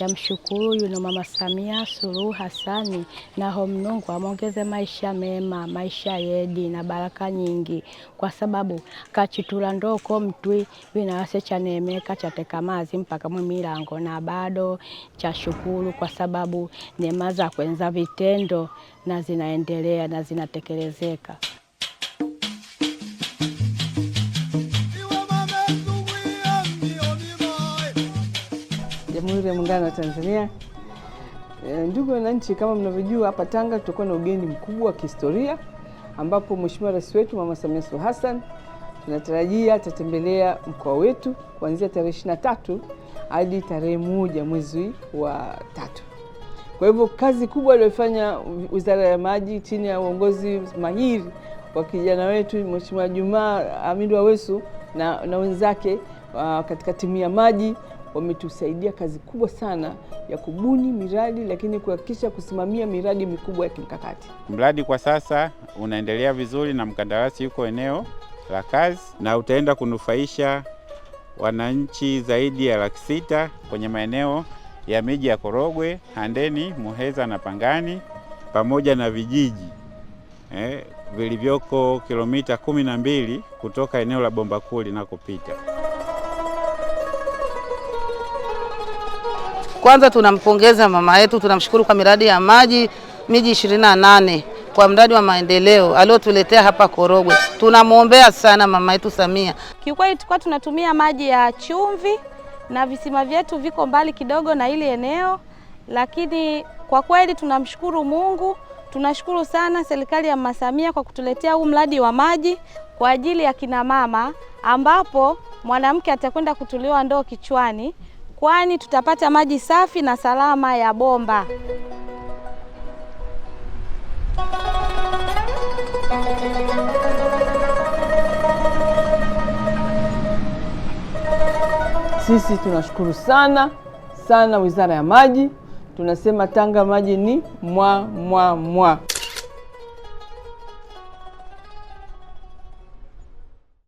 Namshukuru yuno Mama Samia Suluhu Hasani, naho Mnungu amwongeze maisha mema, maisha yedi na baraka nyingi, kwa sababu kachitula ndoko mtwi vinawase chanemeka mazi mpaka mwimilango na bado chashukuru kwa sababu neema za kwenza vitendo na zinaendelea na zinatekelezeka. Jamhuri ya Muungano wa Tanzania. E, ndugu wananchi, kama mnavyojua hapa Tanga tutakuwa na ugeni mkubwa wa kihistoria ambapo Mheshimiwa Rais wetu Mama Samia Suluhu Hassan tunatarajia atatembelea mkoa wetu kuanzia tarehe 23 hadi tarehe moja mwezi wa tatu. Kwa hivyo kazi kubwa aliyofanya Wizara ya Maji chini ya uongozi mahiri wa kijana wetu Mheshimiwa Jumaa Hamidu Aweso na, na wenzake uh, katika timu ya maji wametusaidia kazi kubwa sana ya kubuni miradi, lakini kuhakikisha kusimamia miradi mikubwa ya kimkakati. Mradi kwa sasa unaendelea vizuri na mkandarasi yuko eneo la kazi na utaenda kunufaisha wananchi zaidi ya laki sita kwenye maeneo ya miji ya Korogwe, Handeni, Muheza na Pangani pamoja na vijiji eh, vilivyoko kilomita kumi na mbili kutoka eneo la bomba kuu linakopita. Kwanza tunampongeza mama yetu, tunamshukuru kwa miradi ya maji miji 28 kwa mradi wa maendeleo aliotuletea hapa Korogwe. Tunamwombea sana mama yetu Samia. Kiukweli tulikuwa tunatumia maji ya chumvi na visima vyetu viko mbali kidogo na ile eneo, lakini kwa kweli tunamshukuru Mungu. Tunashukuru sana serikali ya Mama Samia kwa kutuletea huu mradi wa maji kwa ajili ya kinamama, ambapo mwanamke atakwenda kutuliwa ndoo kichwani kwani tutapata maji safi na salama ya bomba. Sisi tunashukuru sana sana Wizara ya Maji. Tunasema Tanga maji ni mwa mwa mwa.